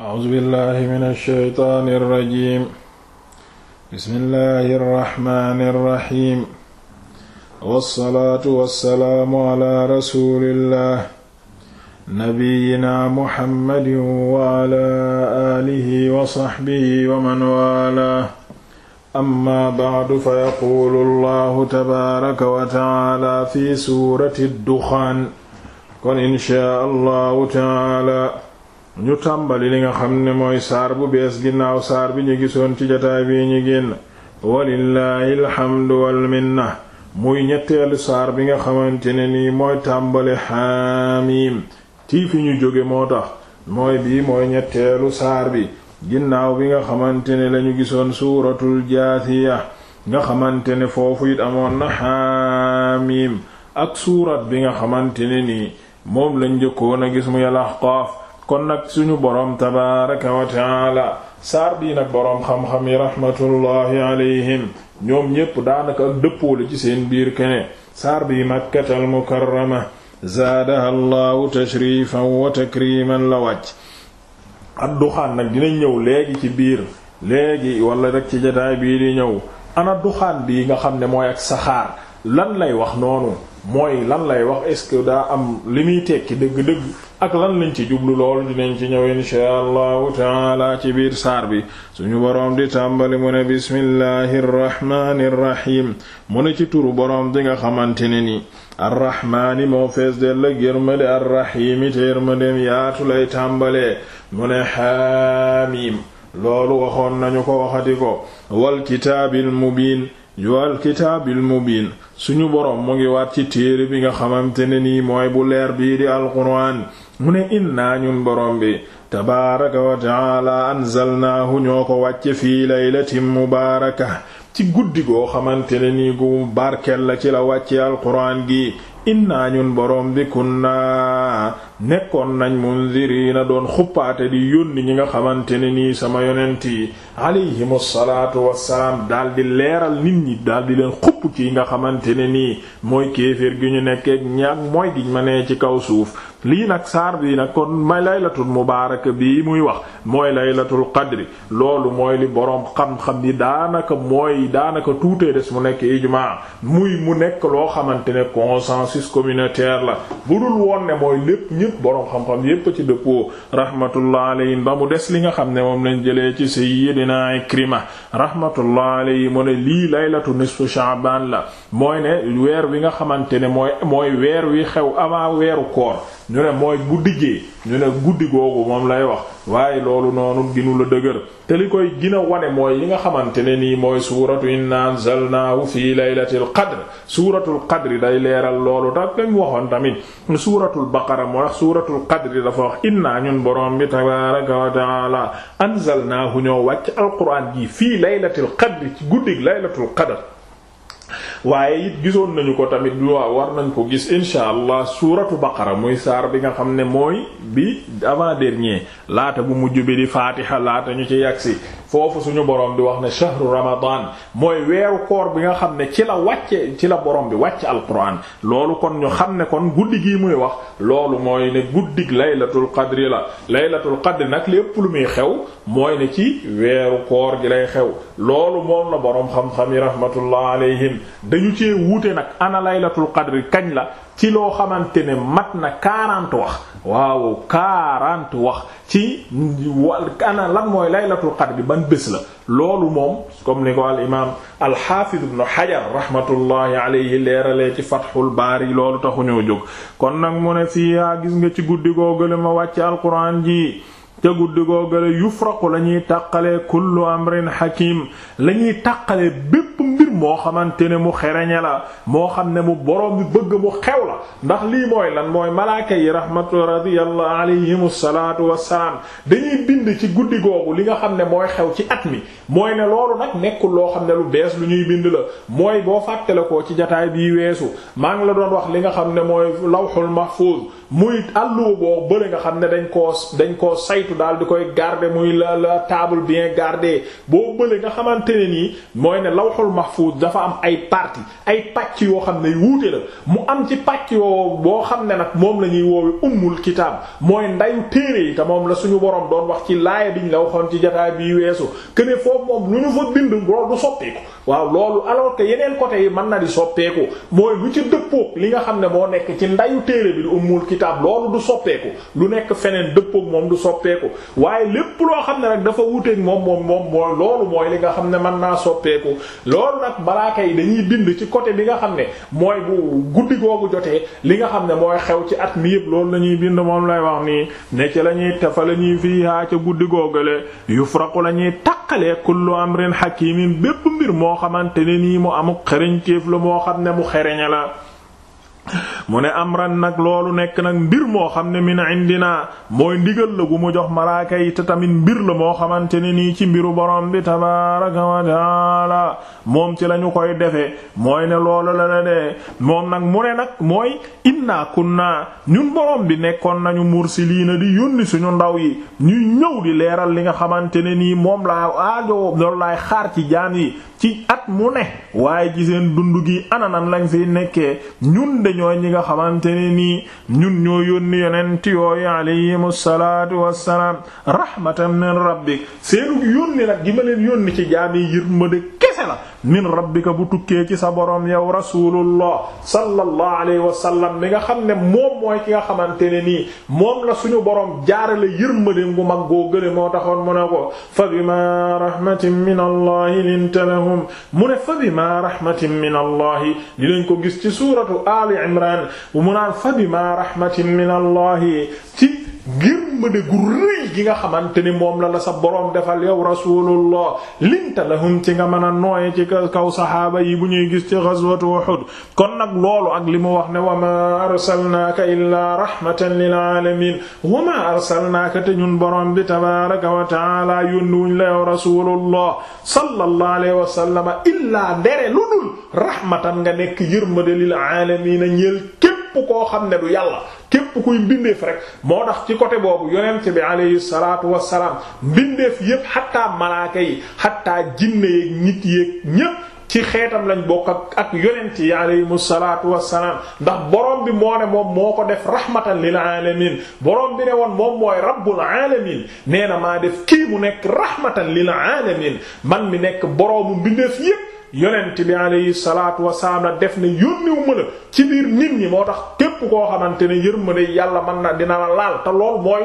أعوذ بالله من الشيطان الرجيم بسم الله الرحمن الرحيم والصلاة والسلام على رسول الله نبينا محمد وعلى آله وصحبه ومن والاه أما بعد فيقول الله تبارك وتعالى في سورة الدخان kon inshaa Allahu ta'aala ñu tàmbali li nga xam ne mooy saar bu bees ginnaaw saar bi ñu gisoon ci jotaay bii ñu génn walillaahi alxamdu walminna muy ñetteelu saar bi nga xamante ne nii mooy tàmbali xaamiim tii fi ñu jóge moo tax mooy bii mooy ñetteelu saar bi ginnaaw bi nga xamante ne lañu gisoon suuratul jaasiya nga xamante ne foofu it amoon na xaamiim ak suurat bi nga xamante ne nii moom lañ njëkkoon a gis muy al ahqaaf kon nag suñu borom tabaaraka wa taala saar bii nag boroom xam-xam yi rahmatullahi alayhim ñoom ñépp daanaka ak dëppoole ci seen biir kene saar bii makkatal mukarrama zaadaha allahu tashrifan wa takriman la wàcc adduxaan nag dina ñëw léegi ci biir léegi walla rek ci jotaay bii di ñëw ana duxaan bii nga xam ne mooy ak saxaar lan lay wax noonu mooy lan lay wax est-ce que daa am li muy tekki dëgg-dëgg ak lan lañ ci jublu lool dinañ ci ñëw inshaa allahu taala ci biir saar bi suñu boroom di tàmbali mu ne bismillahi rrahmani rrahim mu ne ci turu boroom di nga xamante ne ni arrahmaani moo fees del ak yërmande arrahimi te yërmandeem yaatu lay tàmbalee mu ne xaamiim loolu waxoon nañu ko waxati ko wal kitaabil mubiin jual mu biin suñu borom mu ngi waat ci téere bi nga xamante ne nii mooy bu leer bii di alquraan mu ne innaa ñun borom bi tabaaraka wa taala anzalnaahu ñoo ko wàcce fii laylatin mubaaraka ci guddi goo xamante ne nii gu barkel la ci la wàcce alquraan gi inna ñun borom bi kunna nekkoon nañ munzirina doon xuppaate di yónni ñi nga xamante ne nii sama yonent yi alayhimu salaatu wassalaam daal di leeral nit ñi daal di leen xupp ci nga xamante ne nii mooy kéeféer gi ñu nekkeek ñaag mooy gi ma ne ci kaw suuf lii nag saar bii nag kon may laylatul mubaaraka bii muy wax mooy laylatul qadri loolu mooy li boroom xam-xam yi daanaka mooy daanaka tuutee des mu nekk ijmaa muy mu nekk loo xamante ne consensus communautaire la bu dul woon ne mooy lépp ñépp boroom xam-xam yépp ci dëppoo rahmatullah alayhim ba mu des li nga xam ne moom lañ jëlee ci sayyidina Ikrima rahmatullah alayhi mu ne lii laylatu nisfu sha'ban la mooy ne weer wi nga xamante ne mooy mooy weer wi xew avant weeru koor ñu ne mooy guddi gee ñu ne guddi googu moom lay wax waaye loolu noonu ginu la dëgër te li koy gina wane mooy yi nga xamante ne nii mooy suuratu inna anzalnaahu fii laylatil qadr suuratul qadri day leeral loolu tax dañ waxoon tamit suuratul baqara moo wax suuratul qadri dafa wax inna ñun borom bi tabaaraka wa ta'aala anzalnaahu ñoo wàcc alquraan ji fii laylatil qadri ci guddig laylatul qadr waaye it gisoon nañu ko tamit waaw war nañ ko gis insha allah suuratu baqara muy saar bi nga xam ne mooy bi avant dernier laata bu mujj bi di faatiha laata ñu ci yagsi foofu suñu borom bi wax ne shahru ramadan mooy weeru koor bi nga xam ne ci la wàcce ci la borom bi wàcce alquran loolu kon ñu xam ne kon guddi gi muy wax loolu mooy ne guddig laylatul qadri la laylatul qadri nag lépp lu muy xew mooy ne ci weeru koor gi lay xew loolu moom na borom xam-xam yi rahmatullah alayhim dañu cee wuute nag ana laylatul qadri kañ la ci loo xamante ne mat na quarante wax waaw quarante wax ci wal ana lan mooy laylatul qadr ban bés la loolu moom comme ni ko al imaam al xaafiz ibn xajar rahmatullahi alayhi leeralee ci fathul baari loolu taxuñoo jóg kon nag mu ne fii yaa gis nga ci guddi googale ma wàcc alquran ji te guddi googale yufraqu la ñuy tàqalee kullu amrin hakim la ñuy bépp mbir moo xamante ne mu xereñe la moo xam ne mu borom bi bëgg mu xew la ndax lii mooy lan mooy malaaka yi rahmatu radiyallahu alayhim salaatu wassalaam dañuy bind ci guddi googu li nga xam ne mooy xew ci at mi mooy ne loolu nag nekkul loo xam ne lu bees lu ñuy bind la mooy boo fàttale ko ci jataay bii weesu maa ngi la doon wax li nga xam ne mooy lawhul mahfuz muy àlluwa boo bële nga xam ne dañ koo dañ koo saytu daal di koy garder muy la la table bien garde boo nga xamante ne mooy ne lawhul mahfuz mahfuz dafa am ay partie ay pàcc yoo xam ne wuute la mu am ci pàcc yoo boo xam ne nag moom la ñuy woowe umul kitaab mooy ndayu téere yi te moom la suñu borom doon wax ci laaya biñ la waxoon ci jotaay bi weesu que ne foofu moom lu ñu fa bind loolu du soppeeku waaw loolu alors que yeneen côté yi mën na di soppeeku mooy lu ci dëppook li nga xam ne moo nekk ci ndayu téere bi lu ummul kitaab loolu du soppeeku lu nekk feneen dëppook moom du soppeeku waaye lépp loo xam ne nag dafa wuteek moom moom moom mooy loolu mooy li nga xam ne mën naa soppeeku loolu nag balaa kay dañuy bind ci côté bi nga xam ne mooy bu guddi googu jotee li nga xam ne mooy xew ci at mi yëpp loolu la ñuy bind moom lay wax nii ne ci la ñuy tafa la ñuy fiihaa guddi googale yufraqu la ñuy takkalee kullu amrin mbir moo xamante ne nii mu amuk xereñteef la moo xam ne mu xereña la mu ne amran nag loolu nekk nag mbir moo xam ne min indina mooy ndigal la gu jox malaaka yi te tamit mbir la moo xamante ne nii ci mbiru borom bi tabaaraka wa taala moom ci lañu koy defee mooy ne loolu la la moom nag mu ne nag mooy inna kunna ñun borom bi nekkoon nañu mursiliina di yónni suñu ndaw yi ñuy ñëw di leeral li nga xamante ne nii moom laa aajo loolu laay xaar ci jaan yi ci at mu ne waaye ci dund gi ananan lañ fiy nekkee ñi nga xamante ne nii ñun ñoo yónni yonent yooyu alayhimu salaatu wassalaam rahmatan min rabbik seenu yónni nag gi ma leen yónni ci jaami yërmande kese la min rabbika bu tukkee ci sa borom yow rasulullah sallallahu alayhi wa sallam mi nga xam ne moom mooy ki nga xamante ne nii moom la suñu borom jaarale yërmande gu mag goo gële moo taxoon mu ne ko fa bima rahmatin min allahi linta mu ne fa bima rahmatin ko gis ci suuratu ali imran bu mu naan fa bima rahmatin min allahi ngërmande gu rëy gi nga xamante ni moom la la sa boroom defal yow rasulullah linta lahum ci nga mën a nooye ci kaw saxaaba yi bu ñuy gis ci ghazwatu Uhud kon nag loolu ak li mu wax ne wa ma arsalnaaka illaa rahmatan lil alamin wa ma arsalnaaka te ñun boroom bi tabaraka wa taala yónnuwuñ la yow rasulullah illaa dere lu dul nga nekk yërmande lil alamin ñeel képp koo xam ne du yàlla képp kuy mbindeef rek moo tax ci côté boobu yonent bi alayhi salaatu wassalaam mbindeef yépp xattaa malaaka yi xattaa jinne yeek nit yeek ñépp ci xeetam lañ bokk ak ak yonent yi alayhimu salaatu wassalaam ndax borom bi moo ne moom moo ko def rahmatan lil alamin borom bi ne woon moom mooy rabbul alamin nee na maa def kii mu nekk rahmatan lil alamin man mi nekk boroomu mbindeef yépp yonent bi alayhi salaatu wasalaam la def ne yónniwu ma ci biir nit ñi moo tax képp koo xamante ne yërmande yàlla man na dina la laal te lool mooy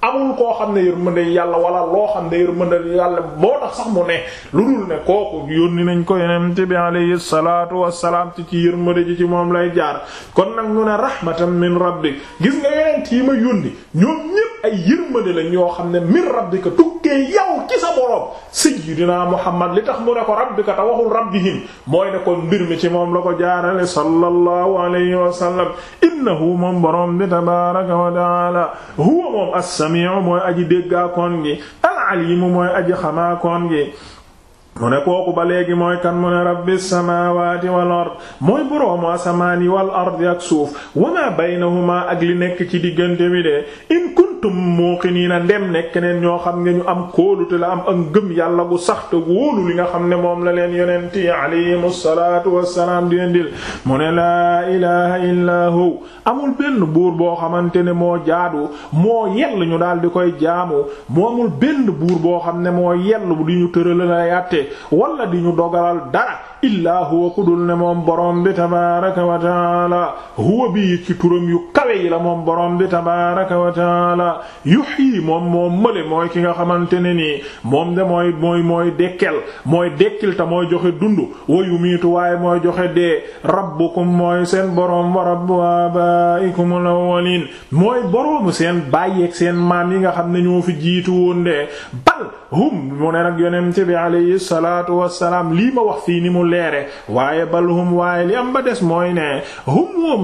amul koo xam ne yërmande yàlla wala loo xam ne yërmande yàlla moo tax sax mu ne lu dul ne kooku yónni nañ ko yonent bi alayhi salaatu wasalaam ci ci yërmande ji ci moom lay jaar kon nag ñu ne rahmatan min rabbik gis nga yonent yi ma yónni ñoom ñépp ay yërmande la ñoo xam ne min rabbika tukk dikkee yow ci sa borom sayyidina Muhammad li tax mu ne ko rabbika te waxul rabbihim mooy ne kon mbir mi ci moom la ko jaarale sallallahu alayhi wa sallam innahu moom borom bi tabaaraka wa ta'aala huwa moom as-sami'u mooy aji déggaakoon gi al-alimu mooy aji xamaakoon gi mu ne kooku ba léegi mooy kan mu ne rabbi samawati wal ard mooy boroomu asamaan yi wal ard ak suuf wa ma baynahuma ak li nekk ci diggante bi de in kuntum muqinina ndem nekk neen ñoo xam ne ñu am kóolute la am ak ngëm yàlla bu sax te wóolu li nga xam ne moom la leen yonent yi alayhimu salaatu di leen ne laa amul benn buur boo xamante ne moo jaadu moo yell ñu daal di koy jaamu moo amul benn buur boo xam ne moo yell di ñu tërala la yàtte dee wala di ñu dogalal dara illaa huwa ku dul ne moom boroom bi tabaaraka wa taala huwa bi ci turam yu kawe yi la moom boroom bi tabaaraka wa taala yuhyi moom moom mële mooy ki nga xamante ne nii moom de mooy mooy mooy dekkel mooy dekkil te mooy joxe dund wa yumiitu waaye mooy joxe dee rabbukum mooy seen borom wa rabbu abaa'ikumul awwaliin mooy boroomu seen baay seen maam yi nga xam ne ñoo fi jiitu woon de bal hum mu ne nag yonent bi alayhi salaatu wassalaam lii ma wax fii ni mu leere waaye bal hum waaye li ba des mooy ne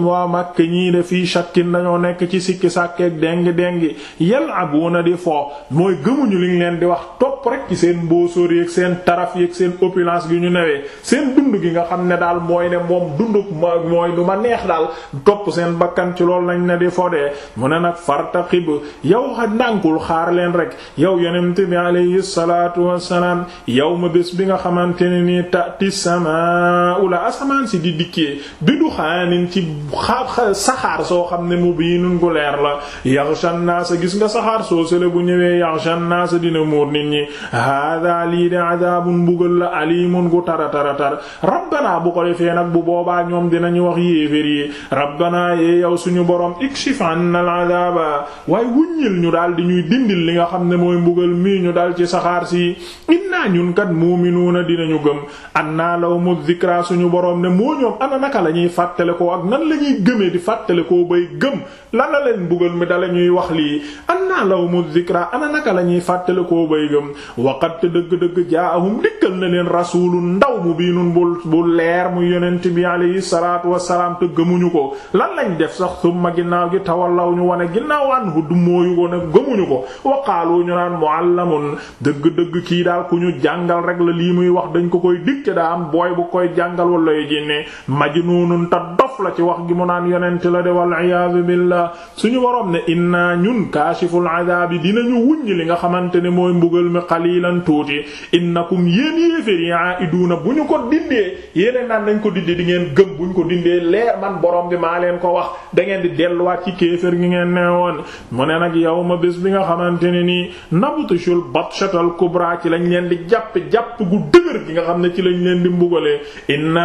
waa màkk ñii de fii shakkin dañoo nekk ci sikki sàkkeeg déng déngi yal'abuna di fo mooy gëmuñu li leen di wax topp rek ci seen mbóosóor yeeg seen taraf yeeg seen opulence gi ñu newee seen dund gi nga xam ne daal mooy ne moom dunduk mooy lu ma neex daal topp seen bakkan ci lool nañ ne di fodee mu ne nag fartaqib yow xa ndànkul xaar leen rek yow yonent bi alayhi wassalaam yow ma bés bi nga xamante ne nii tati sama la asamaan si di dikkee bi du xaanin ci xa saxaar soo xam ne mu bii nun gu leer la yaxshan sa gis nga saxaar soo sele bu ñëwee yaxshan naasa dina muur nit ñi hada lii de adabun mbugal la alimun gu tara tara tar rabbana bu ko defee nag bu boobaa ñoom dina ñu wax yéefér yi rabbana yee yow suñu borom ikshif anna al adaba waaye wuññil ñu daal di ñuy dindil li nga xam ne mooy mbugal mii ñu dal ci saxaar si inna ñun kat yu'minuuna dinañu gëm annaa lahum dhikra suñu boroom ne moo ñoom ana naka la ñuy fàttale koo ak nan la ñuy di fàttale koo bay gëm la la leen buggal mi dala ñuy wax lii annaa lahum dhikra ana naka la ñuy fàttale koo bay gëm waqat dëgg-dëgg jaahum dikkal na leen rasuulun ndaw mubiinun bu bu leer mu yonent bi alayhi salaatu wassalaam te gëmuñu ko lan lañ def sax summa ginnaaw gi tawallaw ñu wane ginnaaw anhu du ko ne gëmuñu ko waqaalu ñu naan muallamun dëgg-dëgg kii daal ku ñu rek la lii muy wax dañ ko koy dig te daa am booy bu koy jàngal wala yu jinne majnuunun te dof la ci wax gi mu naan yonent la de wal iyaazu billah suñu waroom ne inna ñun kaashiful adaabi dinañu wuññi li nga xamante ne mooy mbugal mi qalilan tuuti innakum yéen yéefér yi aiduna bu ñu ko dindee yéeneen naan nañ ko dindi di ngeen gëm bu ñu ko dindee leer man borom bi maa leen ko wax da ngeen di delluwaat ci kéefér gi ngeen nee woon mu ne nag yow ma bés bi nga xamante ne nii nabtishul batshatal kubra jàpp gu dëgër gi nga xam ne ci lañ leen di mbugalee inna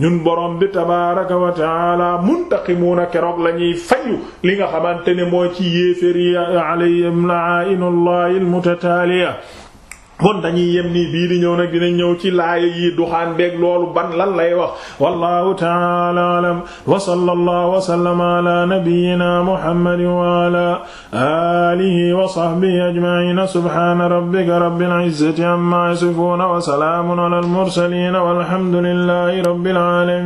ñun borom bi tabaraka wa taala muntaqimuuna keroog la ñuy fayu li nga xamante ne mooy ci yéeféri alayhim la'inullah almutataaliya kon dañuy yem nii bii di ñëw nag dinañ ñëw ci laaya yi duxaan beeg loolu ban lan lay wax wallahu ta'ala alam wa sallallahu wa sallama ala nabiyyina muhammadin wa ala alihi wa sahbihi ajma'in subhana rabbika rabbil izzati amma yasifun wa salamun ala al mursalin walhamdulillahi rabbil alamin